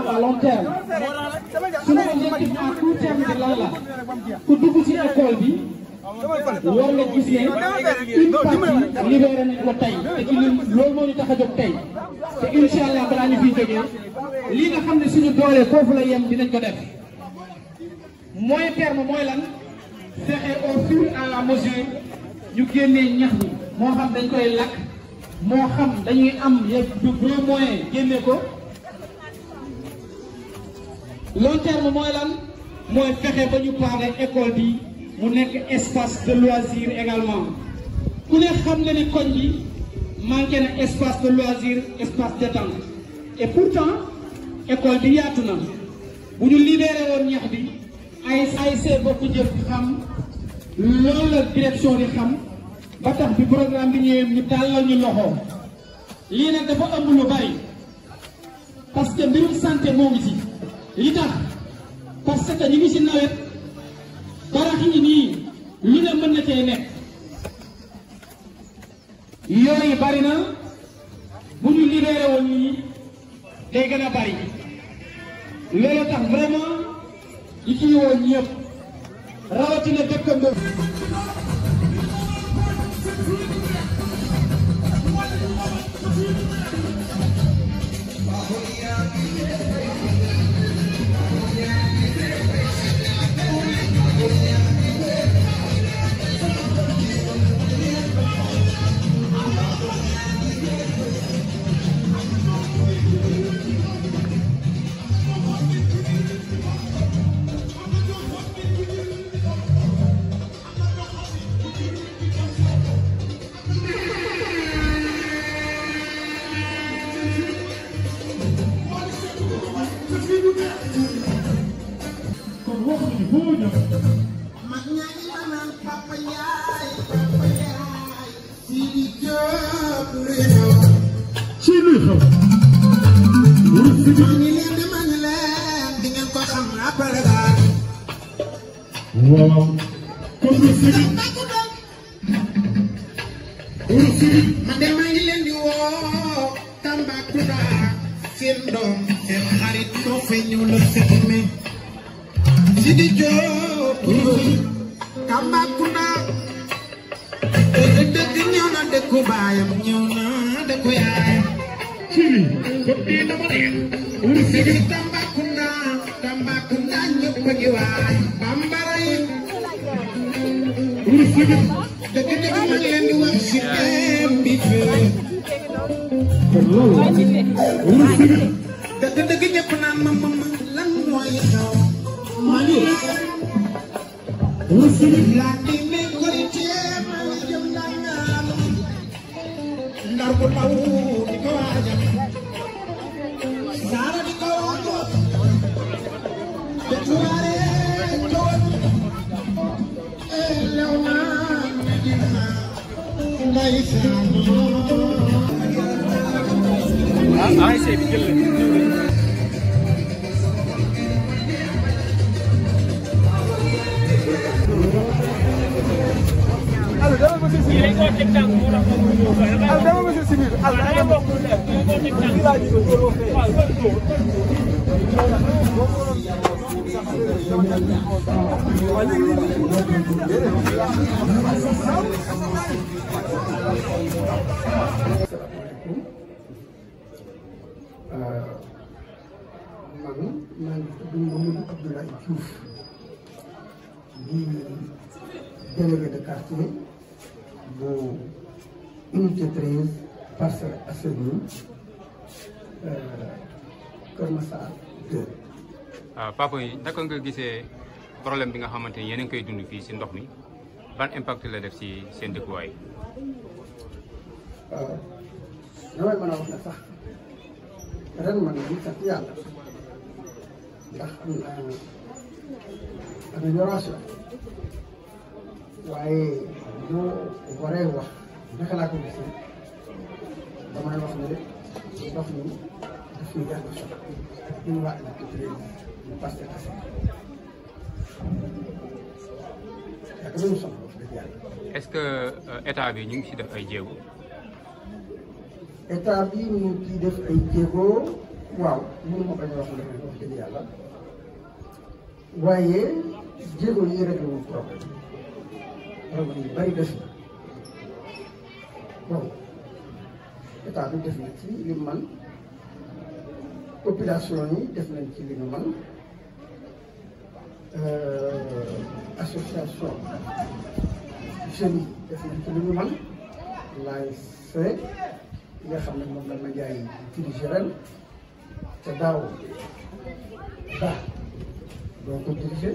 vision à long terme suñu objectif à court terme bi lan la ku dugg ci école bi war nga gis ne une partie libéré ko tey te ci ñun loolu moo ñu tax a jóg tey te incha balaa ñu fiy jógee lii nga xam ne suñu doolee foofu la yem dinañ ko def moyen terme mooy lan fexe au fur et à mesure ñu génnee ñax mi moo xam dañ koy lakk moo xam dañuy am yëpp du moyen génne ko. long terme mooy lan mooy fexe ba ñu parler école bi mu nek espace de loisir également ku ne xam na ni koñ bi manqué na espace de loisir espace détente et pourtant école bi yaatu na bu ñu libéré won ñax bi ay ASC bokku jëf xam loolu la direction di xam ba tax bi programme bi ñëwee ñu tàllal ñu loxo lii nag dafa ëmb lu bari parce que mbirum santé moo ngi ci li tax parce que ñu ngi si nawet barax yi nii lu ne mën na cee nekk yooyu bari na bu ñu libéré woon ñi day bari tax vraiment yi ci woon dëkkandoo ci luy xaw maa ngi leen di ma ngi leen di ngeen ko xam après daal waaw kon lu sigi lu sigi man de maa ngi leen di woo Tambacounda seen doom seen xarit moo fay ñëw la seet mi si di jóob Tambacounda ko baayam ñëw na da ko yaayam. fii comme nii dama neex. wala fii di Tambacounda Tambacounda ñëpp a ngi waay. bambara yi. wala fii di. dëgg dëgg ma leen di wax si thème bi fee. kon loolu. wala fii di. dëgg dëgg ñëpp naan ma ma ma lan mooy xew. maa ngi. wala fii di. I say, kill it. dama monsieur Simir dañ koo teg tànk moo tax moom ñëw al dama monsieur Simir al dama bokk lu def dañ koo teg tànk laa jigo góor wax tey waaw man maa ngi tudd Mamadou Abdoulaye Diouf di délégué de quartier de unité 13 Parcelles Assainies Kër Massar 2. Ah, papa yi naka nga gisee problème bi nga si ban impact la def si seen dëkkuwaay. waaw ah, damay mana ren bu waree wax naka laa ko gisee damay wax ne ndox mi daf ñu jàng sax ñu waa agriculture ñu passé à ça yaakaar nañu soxla wax dëgg yàlla. est-ce que état eh, bi ñu ngi ci def ay jéego. état bi ñu ngi ciy def ay jéego waaw mënu ma bañ a wax dëgg yàlla waaye jéego yi rek la ñu problème. Everybody very different. bon kita bi def na ci li man population yi def nañ ci li ñu man association jeunes yi def nañ ci li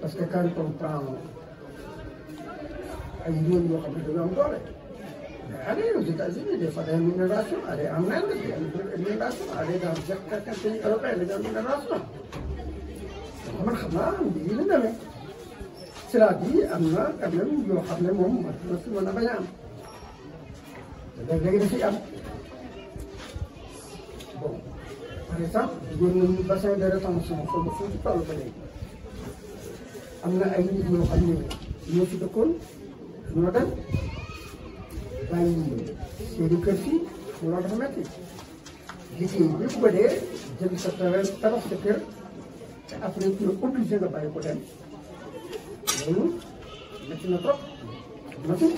parce que quand on ay réew yoo xam ne dañoo am doole mais allez aux États-Unis des fois day am inondation allez en Inde day am inondation allez dans certains pays européens day am inondation man na yoo xam ne moom man man si mën na am léeg am. par exemple jigéen nañu bassin de rétention comme fu ci toll ba léegi am na ay nit ñoo xam ne ñoo fi dëkkoon ñoo dem bàyyi ñu seeni kër fii loolu dafa metti liggéey bi ko dee jël sa tabax sa kër te après tu es obligé na trop matul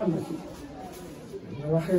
am na si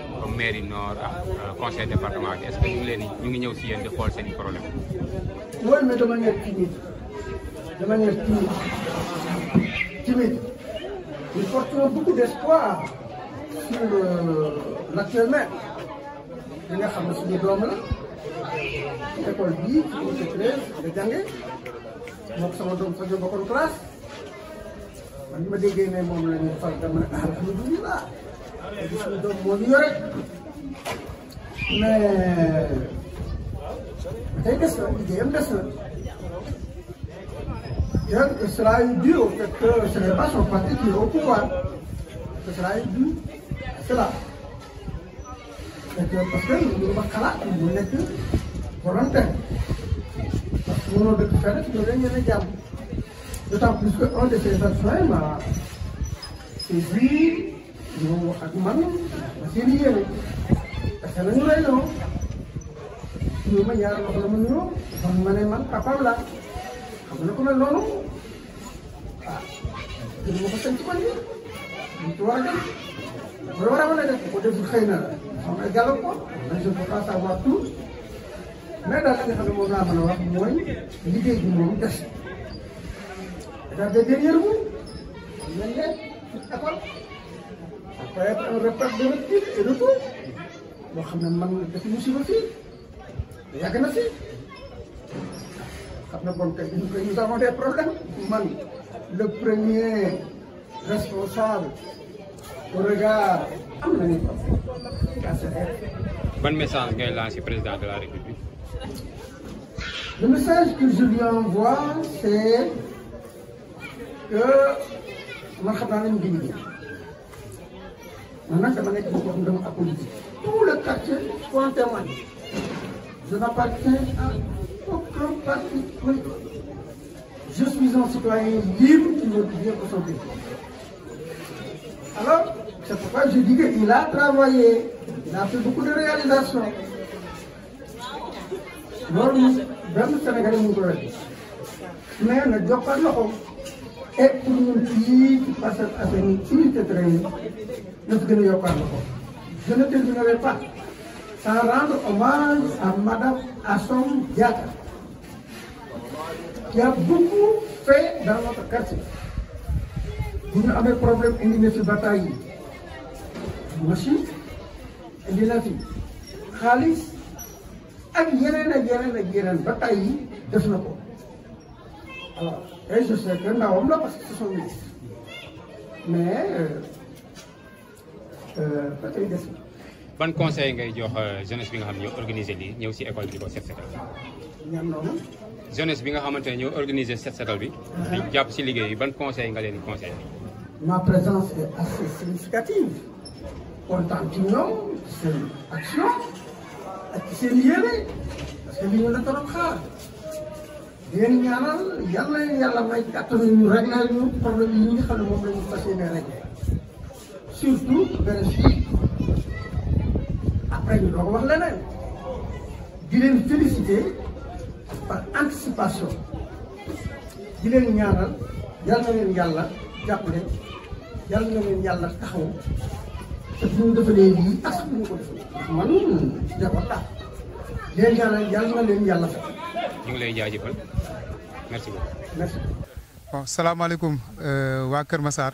comme mairie nord ak ah, euh, conseil départemental est ce que ñu leen ñu ngi ñëw si yéen di xool seen problème wóor na dama nekk timide dama nekk timide timide nous portons beaucoup d'espoir sur euh, l'actuel maire li nga xam ne suñu doom la école bii ci treize da jànge moom sama doom fa bokkoon classe man ma déggee ne moom la ñu dama sudah mundur. मैं हेगस games yan Israel biyu ta Israel ba su fati ke hukuwa Israel biyu ke fasirin yurba kala in gwamnati waranta a suno da tafiya da yana jam da ta ñu ak man seen yéene parce que nañu lay noo ñu ma ñaar wax la ma nuyoo xam ma ne man papaam la xam na ko mel noonu ah gën ma ko sant ko ni ñu ci war a def dafa war a mën a def ko deful xëy na xam ay gàllam ko mais de le premier responsable au regard message ngay président de la République Le message que je lui envoie, c'est que je Maintenant, c'est dama nekk ci boppam à politique. tout le quartier en témoin. je n'appartiens à aucun parti politique je suis un citoyen libre qui veut bien pour son pays alors c'est pourquoi je dis qu'il a travaillé il a fait beaucoup de réalisations même le Sénégalais mu ngi mais ne pas pas rendre. et pour nous qui passe à une unité traité. na fi gën a yokkaat la ko gën a terminer par sans rendre hommage à Madame Assome Diatta qui a beaucoup fait dans notre quartier bu ñu amee problème indi na fi bataille yi machine indi fi xaalis ak yeneen ak yeneen ak yeneen bataille yi def na ko alors et je sais que ndawam la parce que ce sont mais euh, Euh, euh, ban conseil ngay jox euh, jeunesse bi nga xamni ñoo organiser li ñew ci école bi di ko set setal ñam noonu jeunesse bi nga xamantene ne ñoo organiser set setal bi di japp ci liguey yi ban conseil nga leen conseil ma présence est assez significative kontaan ci ñoom seen action ak seen yéene parce que li ñu la doon xaar yéen ñaanal yalla yalla may kàttan ñu réglal ñu problème yi nga xamne ne moom fassé né fas surtout bénéfice après ñu doog wax leneen di leen féliciter par anticipation di leen ñaanal yal na leen yàlla jàppale yal na leen yàlla taxaw te bu ñu defalee lii tax leen ñaanal yal na leen yàlla fekk. ñu ngi lay jaajëfal merci beaucoup. merci. bon euh, waa Kër Massar.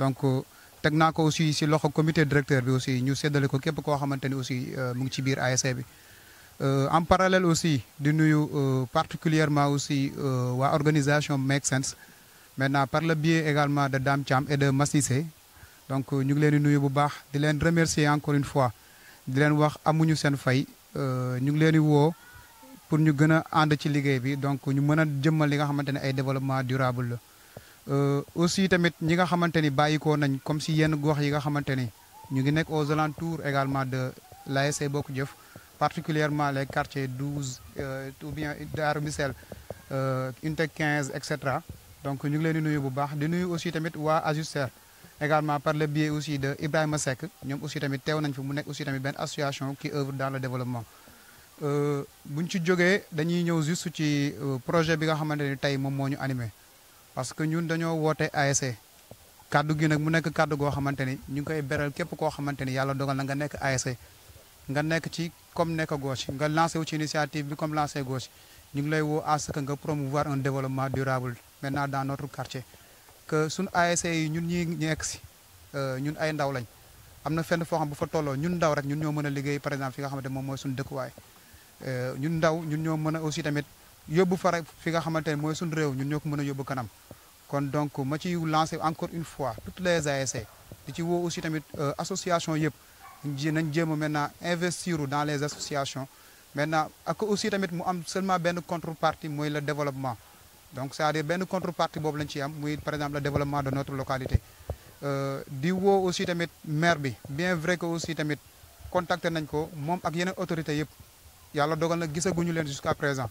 donc euh, nous avons aussi ici loxo comité directeur bi aussi ñu sédalé ko képp ko xamante aussi euh, mu ngi ci biir ASA e bi. Euh, en parallèle aussi di nuyu particulièrement aussi l'organisation organisation Make Sense maintenant par le biais également de Dame Cham et de Massissé donc ñu ngi leen nuyu bu baax di remercier encore une fois di leen wax amuñu sen fay ñu ngi leen pour nous gëna and ci liguey bi donc ñu mëna jëmmal li nga ay développement durable euh, aussi tamit ñi nga xamanteni bayiko nañ comme si yenn gox yi nga xamanteni ñu ngi nek aux alentours également de la l'ASC Bokk Jëf particulièrement les quartiers 12 euh, ou bien Daaru euh, unité 15 etc. donc ñu ngi leen di nuyu bu baax di nuyu aussi tamit wa Ajuster également par le biais aussi de Ibrahima Seck ñom aussi tamit teew nañ fi mu nek aussi tamit ben association qui œuvre dans le développement euh buñ ci joggé dañuy ñëw juste ci euh, projet bi nga xamanteni tay mom moñu animer parce que ñun dañoo woote ASC e. kàddu gi nag mu nekk kàddu goo xamante ni ñu ngi koy beral képp koo xamante ni yàlla dogal na nga nekk ASC e. nga nekk ci comme nekk gauche nga lancé wu ci initiative bi comme lancé gauche ñu ngi lay woo à ce que nga promouvoir un développement durable maintenant dans notre quartier que suñu ASC e yi ñun ñi ñekk si euh, ñun ay ndaw lañ am na fenn foo xam bu fa tolloo ñun ndaw rek ñun ñoo mën a liggéey par exemple fi nga xamante moom mooy suñu dëkkuwaay euh, ñun yóbbu fa fi nga xamante ne mooy suñu réew ñun ñoo ko mën a yóbbu kanam kon donc ma ci lancé encore une fois toutes les ASC di ci woo aussi tamit euh, association yëpp nañ jéem maintenant investir dans les associations maintenant ak aussi tamit mu am seulement benn contrepartie mooy le développement donc ça à dire benn contrepartie boobu lañ ci am muy par exemple le développement de notre localité euh, di woo aussi tamit maire bi bien vrai que aussi tamit contacté nañ ko moom ak yeneen autorité yëpp yàlla dogal na gisaguñu leen jusqu'à présent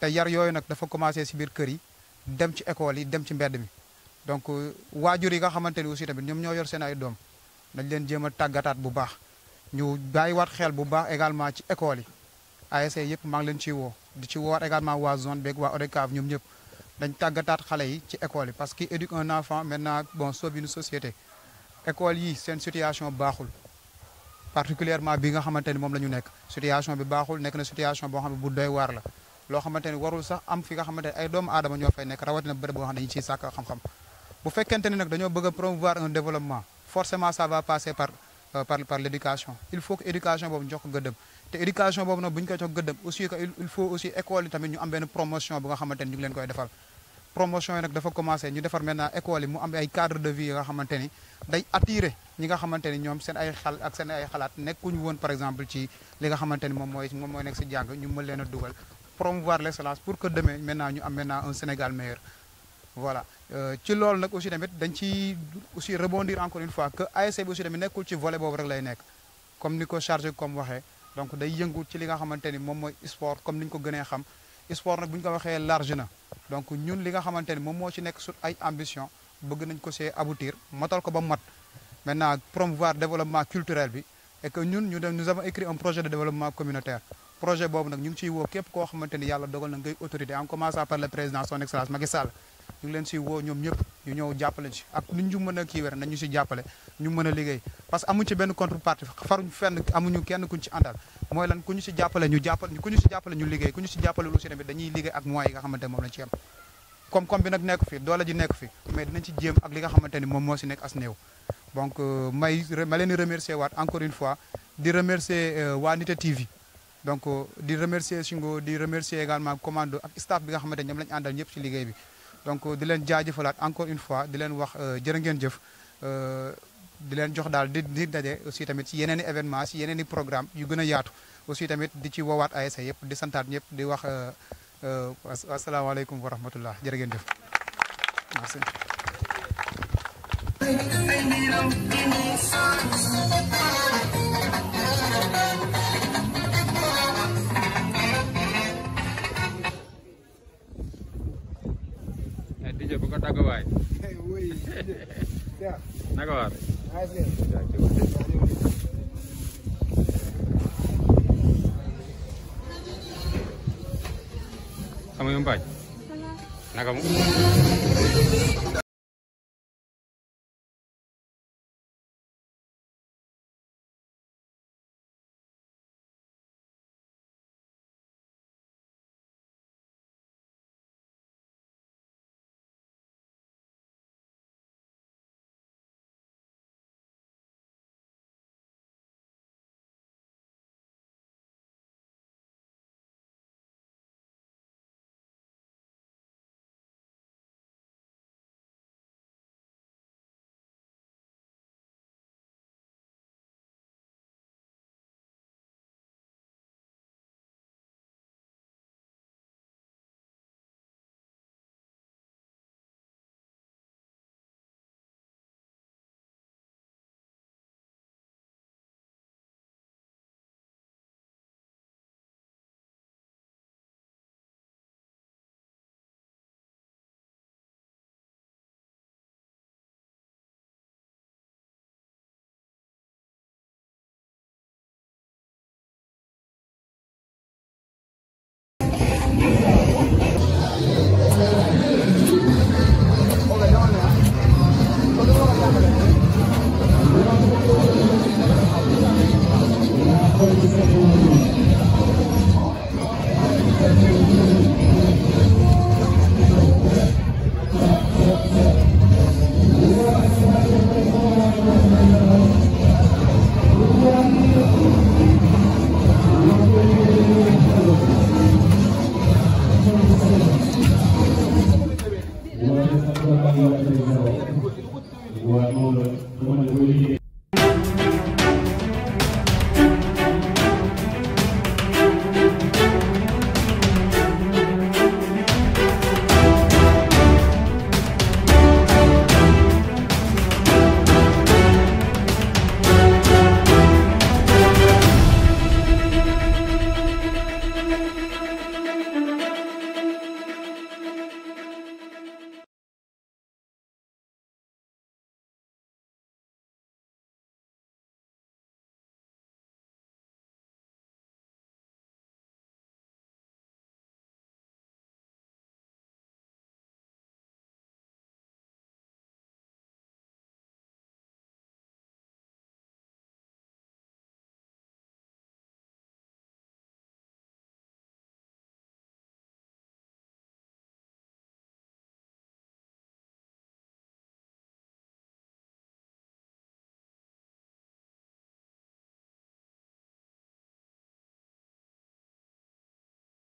te yar yooyu nag dafa commencé ci bir kër yi dem ci école yi dem ci mbedd mi donc euh, wajur yi nga xamanteni aussi tamit ñom ñoo yor seen ay dom nañ leen jéem tagatat bu baax ñu wat xel bu baax également ci école yi ASC yépp maa ngi leen ci wo di ci woowaat également wa zone beeg wa ODCAV ñom ñëpp dañ tagatat xalé yi ci école yi parce que éduquer un enfant maintenant bon sauve une société école yi c'est une situation baaxul particulièrement bi nga xamanteni mom lañu nekk situation bi baaxul nekk na situation bo xam bu doy war la loo xamante ni warul sax am fi nga xamanteni ay doomu aadama ñoo fay nekk rawatina bërëb boo xam ne ci ciy xam-xam bu fekkente ni nag dañoo bëgg promouvoir un développement forcément ça va passer par euh, par par l'éducation il faut que éducation bobu jox ko gëddëm te éducation bobu nag buñ ko koy jox gëddëm aussi que il faut aussi école yi tamit ñu am benn promotion bu nga xamanteni ñu ngi leen koy defal promotion nak dafa commencer ñu défar maintenant école yi mu am ay cadre de vie nga xamanteni day attirer ñi nga xamanteni ñom seen ay xal ak seen ay xalaat nekkuñu woon par exemple ci li nga xamanteni mom moy mooy moom mooy nekk si jàng ñu mën leena duggal promouvoir l'excellence pour que demain maintenant ñu am maintenant un Sénégal meilleur voilà euh, ci loolu nag aussi tamit dañ ci aussi rebondir encore une fois que ASC aussi tamit nekkul ci volet boobu rek lay nekk comme ni ko chargé comme waxee donc day yëngu ci li nga xamante ni moom mooy sport comme ni ñu ko gënee xam sport nag bu ko large na donc ñun li nga xamante ni moom moo ci nekk ay ambition bëgg nañ ko see aboutir matal ko ba mat maintenant promouvoir développement culturel bi et que ñun ñu nous avons écrit un projet de développement communautaire projet bobu nak ñu ngi ciy woo képp koo xamante ni dogal na ngay autorité en commence par le président son excellence Macky Sall ñu leen ciy wo ñom ñep ñu ñew jappalé ci ak ñu ñu mëna ki wër wér nañu ci jappalé ñu mëna a liggéey parce que amuñu ci benn contrepartie faruñ fenn amuñu kenn kuñ ci andal moy lan ku ci jappalé ñu jappal ku ci jappalé ñu liggéey ku ci jappalé lu aussi tamit dañuy liggéey ak moyens yi nga xamanteni mom lañ ci am comme comme bi nak nekk fi doole ji nekk fi mais dinañ ci jëm ak li nga xamanteni mom moom ci nekk as new donc euh, may ma leen remercier waat encore une fois di remercier euh, wa nité TV donc euh, di remercier Singo di remercier également commando ak staff bi nga xamante ñoom lañ andal ñepp ci liguey bi donc euh, di len jaajeufalat encore une fois di len wax euh, jërë ngeen jëf di len jox dal di di dajé aussi tamit ci yeneeni i événement ci yeneeni programme yu gëna yaatu aussi tamit di ci wowat ASA yépp di santat ñepp di wax alaykum wa rahmatullah jërë ngeen jëf merci Thank you. DJ buka Tagowai. Eh, woi. Nagor. Asik. Kamu yang baik? Nah kamu.